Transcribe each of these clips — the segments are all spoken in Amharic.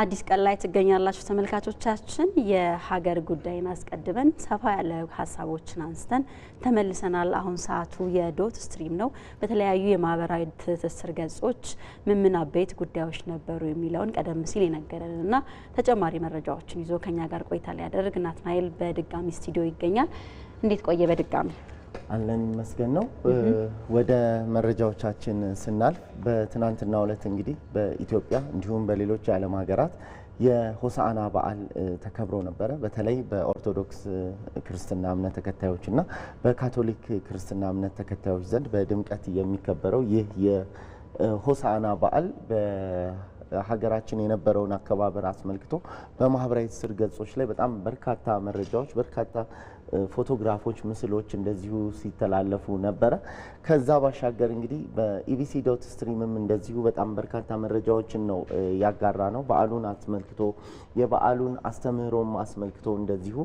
አዲስ ቀን ላይ ትገኛላችሁ ተመልካቾቻችን። የሀገር ጉዳይን አስቀድመን ሰፋ ያለ ሀሳቦችን አንስተን ተመልሰናል። አሁን ሰዓቱ የዶት ስትሪም ነው። በተለያዩ የማህበራዊ ትስስር ገጾች ምን ምን አበይት ጉዳዮች ነበሩ የሚለውን ቀደም ሲል የነገረንና ተጨማሪ መረጃዎችን ይዞ ከኛ ጋር ቆይታ ሊያደርግ ናትናኤል በድጋሚ ስቱዲዮ ይገኛል። እንዴት ቆየ? በድጋሚ አለን ይመስገን ነው። ወደ መረጃዎቻችን ስናልፍ በትናንትናው ዕለት እንግዲህ በኢትዮጵያ እንዲሁም በሌሎች የዓለም ሀገራት የሆሳዕና በዓል ተከብሮ ነበረ። በተለይ በኦርቶዶክስ ክርስትና እምነት ተከታዮችና በካቶሊክ ክርስትና እምነት ተከታዮች ዘንድ በድምቀት የሚከበረው ይህ የሆሳዕና በዓል ሀገራችን የነበረውን አከባበር አስመልክቶ በማህበራዊ ትስስር ገጾች ላይ በጣም በርካታ መረጃዎች፣ በርካታ ፎቶግራፎች፣ ምስሎች እንደዚሁ ሲተላለፉ ነበረ። ከዛ ባሻገር እንግዲህ በኢቢሲ ዶት ስትሪምም እንደዚሁ በጣም በርካታ መረጃዎችን ነው ያጋራ ነው። በዓሉን አስመልክቶ የበዓሉን አስተምህሮም አስመልክቶ እንደዚሁ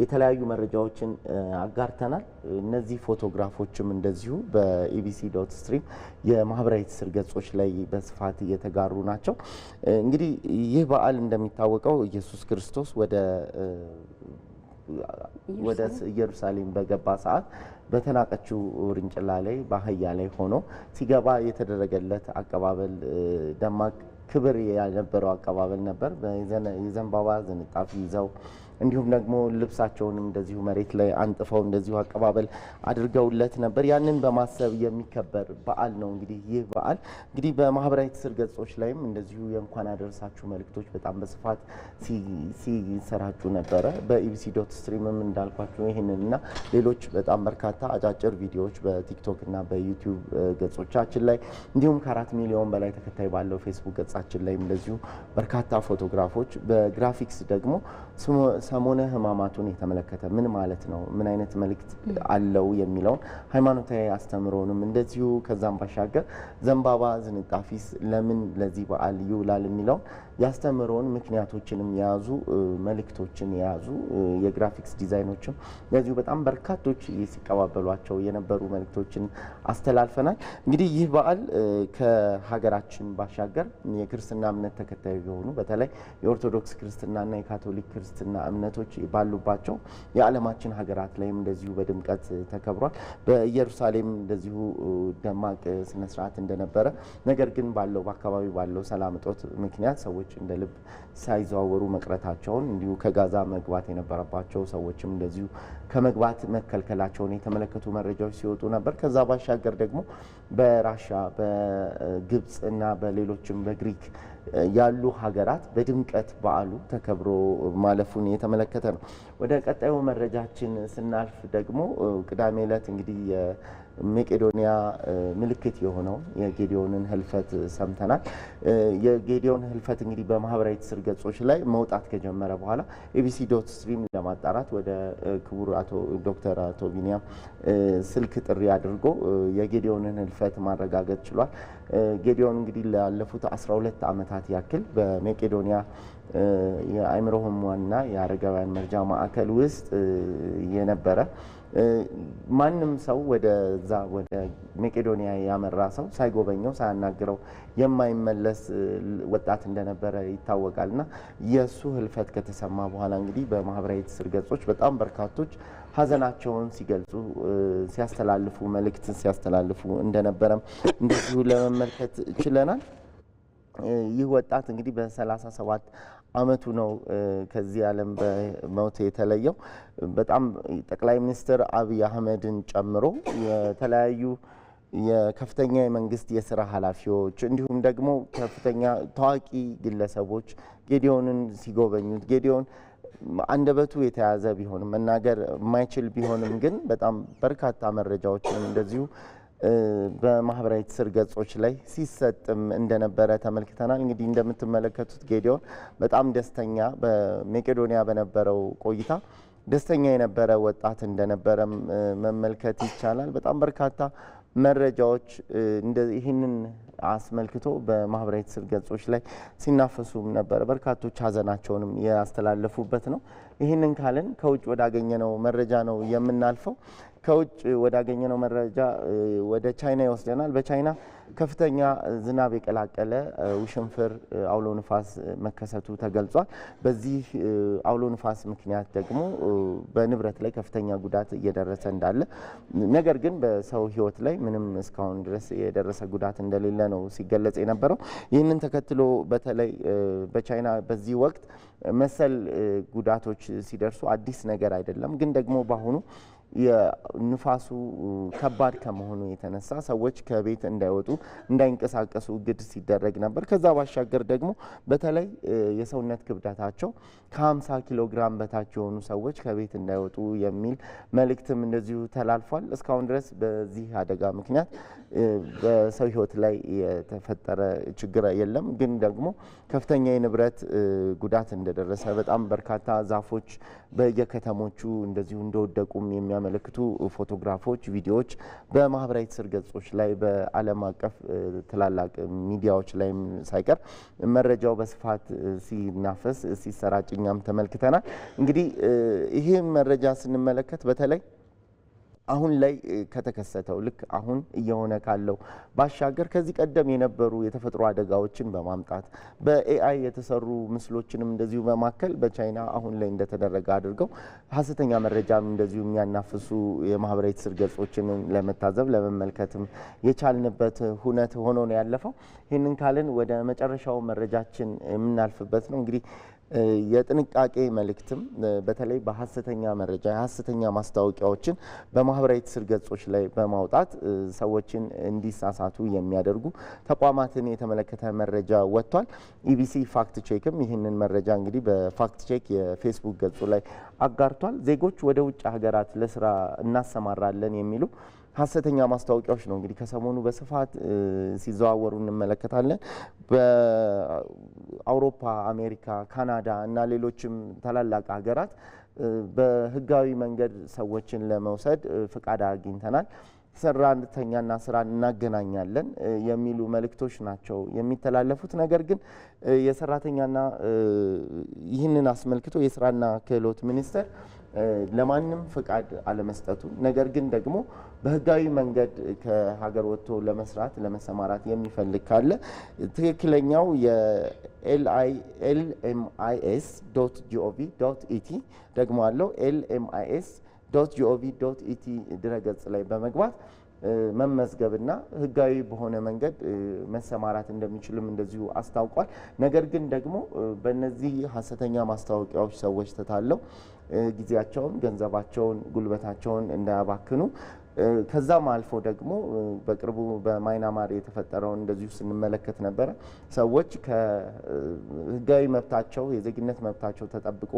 የተለያዩ መረጃዎችን አጋርተናል። እነዚህ ፎቶግራፎችም እንደዚሁ በኢቢሲ ዶት ስትሪም የማህበራዊ ትስስር ገጾች ላይ በስፋት እየተጋሩ ናቸው። እንግዲህ ይህ በዓል እንደሚታወቀው ኢየሱስ ክርስቶስ ወደ ወደ ኢየሩሳሌም በገባ ሰዓት በተናቀችው ውርንጭላ ላይ በአህያ ላይ ሆኖ ሲገባ የተደረገለት አቀባበል ደማቅ ክብር የነበረው አቀባበል ነበር። የዘንባባ ዝንጣፍ ይዘው እንዲሁም ደግሞ ልብሳቸውንም እንደዚሁ መሬት ላይ አንጥፈው እንደዚሁ አቀባበል አድርገውለት ነበር። ያንን በማሰብ የሚከበር በዓል ነው። እንግዲህ ይህ በዓል እንግዲህ በማህበራዊ ትስስር ገጾች ላይም እንደዚሁ የእንኳን አደረሳችሁ መልእክቶች በጣም በስፋት ሲሰራጩ ነበረ። በኢቢሲ ዶት ስትሪምም እንዳልኳችሁ ይህንን እና ሌሎች በጣም በርካታ አጫጭር ቪዲዮዎች በቲክቶክ እና በዩቲዩብ ገጾቻችን ላይ እንዲሁም ከአራት ሚሊዮን በላይ ተከታይ ባለው ፌስቡክ ገጻችን ላይ እንደዚሁ በርካታ ፎቶግራፎች በግራፊክስ ደግሞ ሰሞነ ህማማቱን የተመለከተ ምን ማለት ነው፣ ምን አይነት መልእክት አለው የሚለውን ሃይማኖታዊ አስተምሮንም እንደዚሁ ከዛም ባሻገር ዘንባባ ዝንጣፊስ ለምን ለዚህ በዓል ይውላል የሚለውን ያስተምረውን ምክንያቶችንም የያዙ መልእክቶችን የያዙ የግራፊክስ ዲዛይኖችም እንደዚሁ በጣም በርካቶች ሲቀባበሏቸው የነበሩ መልእክቶችን አስተላልፈናል። እንግዲህ ይህ በዓል ከሀገራችን ባሻገር የክርስትና እምነት ተከታዩ የሆኑ በተለይ የኦርቶዶክስ ክርስትናና የካቶሊክ ክርስትና እምነት ማንነቶች ባሉባቸው የዓለማችን ሀገራት ላይም እንደዚሁ በድምቀት ተከብሯል። በኢየሩሳሌም እንደዚሁ ደማቅ ስነስርዓት እንደነበረ፣ ነገር ግን ባለው በአካባቢ ባለው ሰላም እጦት ምክንያት ሰዎች እንደ ልብ ሳይዘዋወሩ መቅረታቸውን እንዲሁ ከጋዛ መግባት የነበረባቸው ሰዎችም እንደዚሁ ከመግባት መከልከላቸውን የተመለከቱ መረጃዎች ሲወጡ ነበር። ከዛ ባሻገር ደግሞ በራሻ በግብፅ እና በሌሎችም በግሪክ ያሉ ሀገራት በድምቀት በዓሉ ተከብሮ ማለፉን የተመለከተ ነው። ወደ ቀጣዩ መረጃችን ስናልፍ ደግሞ ቅዳሜ ዕለት እንግዲህ መቄዶኒያ ምልክት የሆነው የጌዲዮንን ህልፈት ሰምተናል። የጌዲዮን ህልፈት እንግዲህ በማህበራዊ ትስስር ገጾች ላይ መውጣት ከጀመረ በኋላ ኤቢሲ ዶት ስትሪም ለማጣራት ወደ ክቡር አቶ ዶክተር አቶ ቢኒያም ስልክ ጥሪ አድርጎ የጌዲዮንን ህልፈት ማረጋገጥ ችሏል። ጌዲዮን እንግዲህ ላለፉት 12 ዓመታት ያክል በመቄዶኒያ የአእምሮ ህሙማንና የአረጋውያን መርጃ ማዕከል ውስጥ የነበረ ማንም ሰው ወደዛ ወደ መቄዶንያ ያመራ ሰው ሳይጎበኘው ሳያናግረው የማይመለስ ወጣት እንደነበረ ይታወቃል እና የእሱ ህልፈት ከተሰማ በኋላ እንግዲህ በማህበራዊ ትስስር ገጾች በጣም በርካቶች ሀዘናቸውን ሲገልጹ ሲያስተላልፉ መልእክትን ሲያስተላልፉ እንደነበረም እንደዚሁ ለመመልከት ችለናል። ይህ ወጣት እንግዲህ በ37 አመቱ ነው ከዚህ ዓለም በሞት የተለየው። በጣም ጠቅላይ ሚኒስትር አብይ አህመድን ጨምሮ የተለያዩ የከፍተኛ የመንግስት የስራ ኃላፊዎች እንዲሁም ደግሞ ከፍተኛ ታዋቂ ግለሰቦች ጌዲዮንን ሲጎበኙት ጌዲዮን አንደበቱ የተያዘ ቢሆንም መናገር የማይችል ቢሆንም ግን በጣም በርካታ መረጃዎችንም እንደዚሁ በማህበራዊ ትስስር ገጾች ላይ ሲሰጥም እንደነበረ ተመልክተናል። እንግዲህ እንደምትመለከቱት ጌዲዮን በጣም ደስተኛ በመቄዶንያ በነበረው ቆይታ ደስተኛ የነበረ ወጣት እንደነበረ መመልከት ይቻላል። በጣም በርካታ መረጃዎች ይህንን አስመልክቶ በማህበራዊ ትስስር ገጾች ላይ ሲናፈሱም ነበረ። በርካቶች ሀዘናቸውንም ያስተላለፉበት ነው። ይህንን ካልን ከውጭ ወዳገኘነው መረጃ ነው የምናልፈው። ከውጭ ወዳገኘነው መረጃ ወደ ቻይና ይወስደናል። በቻይና ከፍተኛ ዝናብ የቀላቀለ ውሽንፍር አውሎ ንፋስ መከሰቱ ተገልጿል። በዚህ አውሎ ንፋስ ምክንያት ደግሞ በንብረት ላይ ከፍተኛ ጉዳት እየደረሰ እንዳለ፣ ነገር ግን በሰው ሕይወት ላይ ምንም እስካሁን ድረስ የደረሰ ጉዳት እንደሌለ ነው ሲገለጽ የነበረው። ይህንን ተከትሎ በተለይ በቻይና በዚህ ወቅት መሰል ጉዳቶች ሲደርሱ አዲስ ነገር አይደለም፣ ግን ደግሞ በአሁኑ ንፋሱ ከባድ ከመሆኑ የተነሳ ሰዎች ከቤት እንዳይወጡ እንዳይንቀሳቀሱ እግድ ሲደረግ ነበር። ከዛ ባሻገር ደግሞ በተለይ የሰውነት ክብደታቸው ከ50 ኪሎ ግራም በታች የሆኑ ሰዎች ከቤት እንዳይወጡ የሚል መልእክትም እንደዚሁ ተላልፏል። እስካሁን ድረስ በዚህ አደጋ ምክንያት በሰው ሕይወት ላይ የተፈጠረ ችግር የለም። ግን ደግሞ ከፍተኛ የንብረት ጉዳት እንደደረሰ በጣም በርካታ ዛፎች በየከተሞቹ እንደዚሁ እንደወደቁም የሚያ የሚያመለክቱ ፎቶግራፎች፣ ቪዲዮዎች በማህበራዊ ትስስር ገጾች ላይ በዓለም አቀፍ ትላላቅ ሚዲያዎች ላይ ሳይቀር መረጃው በስፋት ሲናፈስ ሲሰራጭ እኛም ተመልክተናል። እንግዲህ ይህ መረጃ ስንመለከት በተለይ አሁን ላይ ከተከሰተው ልክ አሁን እየሆነ ካለው ባሻገር ከዚህ ቀደም የነበሩ የተፈጥሮ አደጋዎችን በማምጣት በኤአይ የተሰሩ ምስሎችንም እንደዚሁ በማከል በቻይና አሁን ላይ እንደተደረገ አድርገው ሀሰተኛ መረጃም እንደዚሁ የሚያናፍሱ የማህበራዊ ትስስር ገጾችን ለመታዘብ ለመመልከትም የቻልንበት ሁነት ሆኖ ነው ያለፈው። ይህንን ካልን ወደ መጨረሻው መረጃችን የምናልፍበት ነው እንግዲህ የጥንቃቄ መልእክትም በተለይ በሀሰተኛ መረጃ የሀሰተኛ ማስታወቂያዎችን በማህበራዊ ትስስር ገጾች ላይ በማውጣት ሰዎችን እንዲሳሳቱ የሚያደርጉ ተቋማትን የተመለከተ መረጃ ወጥቷል። ኢቢሲ ፋክት ቼክም ይህንን መረጃ እንግዲህ በፋክት ቼክ የፌስቡክ ገጹ ላይ አጋርቷል። ዜጎች ወደ ውጭ ሀገራት ለስራ እናሰማራለን የሚሉ ሀሰተኛ ማስታወቂያዎች ነው እንግዲህ ከሰሞኑ በስፋት ሲዘዋወሩ እንመለከታለን። በአውሮፓ፣ አሜሪካ፣ ካናዳ እና ሌሎችም ታላላቅ ሀገራት በህጋዊ መንገድ ሰዎችን ለመውሰድ ፍቃድ አግኝተናል ስራ እንድተኛና ስራ እናገናኛለን የሚሉ መልእክቶች ናቸው የሚተላለፉት። ነገር ግን የሰራተኛና ይህንን አስመልክቶ የስራና ክህሎት ሚኒስቴር ለማንም ፍቃድ አለመስጠቱ፣ ነገር ግን ደግሞ በህጋዊ መንገድ ከሀገር ወጥቶ ለመስራት ለመሰማራት የሚፈልግ ካለ ትክክለኛው የኤልኤምአይኤስ ዶት ጂኦቪ ዶት ኢቲ ደግሞ አለው ኤልኤምአይኤስ ዶት ጂኦቪ ዶት ኢቲ ድረገጽ ላይ በመግባት መመዝገብና ህጋዊ በሆነ መንገድ መሰማራት እንደሚችልም እንደዚሁ አስታውቋል። ነገር ግን ደግሞ በእነዚህ ሀሰተኛ ማስታወቂያዎች ሰዎች ተታለው ጊዜያቸውን፣ ገንዘባቸውን፣ ጉልበታቸውን እንዳያባክኑ ከዛም አልፎ ደግሞ በቅርቡ በማይናማር የተፈጠረውን እንደዚሁ ስንመለከት ነበረ። ሰዎች ከህጋዊ መብታቸው የዜግነት መብታቸው ተጠብቆ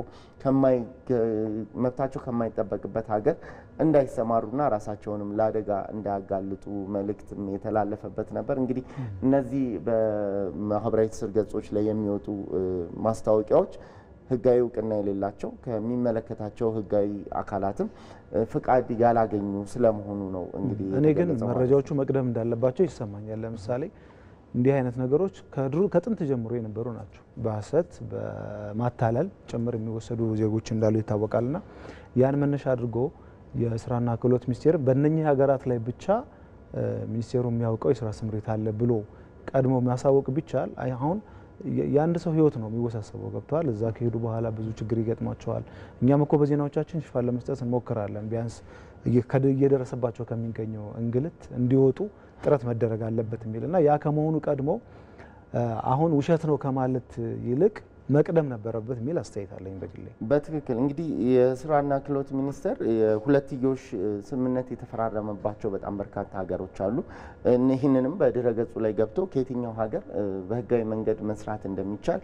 መብታቸው ከማይጠበቅበት ሀገር እንዳይሰማሩና ራሳቸውንም ለአደጋ እንዳያጋልጡ መልእክትም የተላለፈበት ነበር። እንግዲህ እነዚህ በማህበራዊ ትስስር ገጾች ላይ የሚወጡ ማስታወቂያዎች ህጋዊ እውቅና የሌላቸው ከሚመለከታቸው ህጋዊ አካላትም ፍቃድ ያላገኙ ስለመሆኑ ነው። እንግዲህ እኔ ግን መረጃዎቹ መቅደም እንዳለባቸው ይሰማኛል። ለምሳሌ እንዲህ አይነት ነገሮች ከድሮ ከጥንት ጀምሮ የነበሩ ናቸው። በሀሰት በማታለል ጭምር የሚወሰዱ ዜጎች እንዳሉ ይታወቃልና ያን መነሻ አድርጎ የስራና ክህሎት ሚኒስቴር በእነኚህ ሀገራት ላይ ብቻ ሚኒስቴሩ የሚያውቀው የስራ ስምሪት አለ ብሎ ቀድሞ ማሳወቅ ቢቻል አሁን የአንድ ሰው ህይወት ነው የሚወሳሰበው። ገብተዋል። እዛ ከሄዱ በኋላ ብዙ ችግር ይገጥማቸዋል። እኛም እኮ በዜናዎቻችን ሽፋን ለመስጠት እንሞክራለን። ቢያንስ እየደረሰባቸው ከሚገኘው እንግልት እንዲወጡ ጥረት መደረግ አለበት የሚልና ያ ከመሆኑ ቀድሞ አሁን ውሸት ነው ከማለት ይልቅ መቅደም ነበረበት የሚል አስተያየት አለኝ በግሌ። በትክክል እንግዲህ የስራና ክህሎት ሚኒስቴር የሁለትዮሽ ስምምነት የተፈራረመባቸው በጣም በርካታ ሀገሮች አሉ። ይህንንም ገጹ ላይ ገብቶ ከየትኛው ሀገር በህጋዊ መንገድ መስራት እንደሚቻል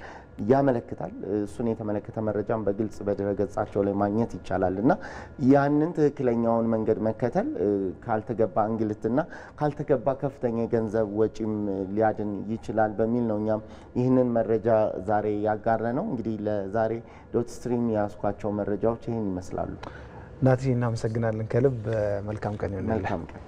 ያመለክታል። እሱን የተመለከተ መረጃም በግልጽ ገጻቸው ላይ ማግኘት ይቻላል እና ያንን ትክክለኛውን መንገድ መከተል ካልተገባ እንግልትና ካልተገባ ከፍተኛ የገንዘብ ወጪም ሊያድን ይችላል በሚል ነው እኛም ይህንን መረጃ ዛሬ ያጋ የተጋራ ነው። እንግዲህ ለዛሬ ዶት ስትሪም የያዝኳቸው መረጃዎች ይህን ይመስላሉ። ናቲ፣ እናመሰግናለን ከልብ መልካም ቀን ይሆናል። መልካም ቀን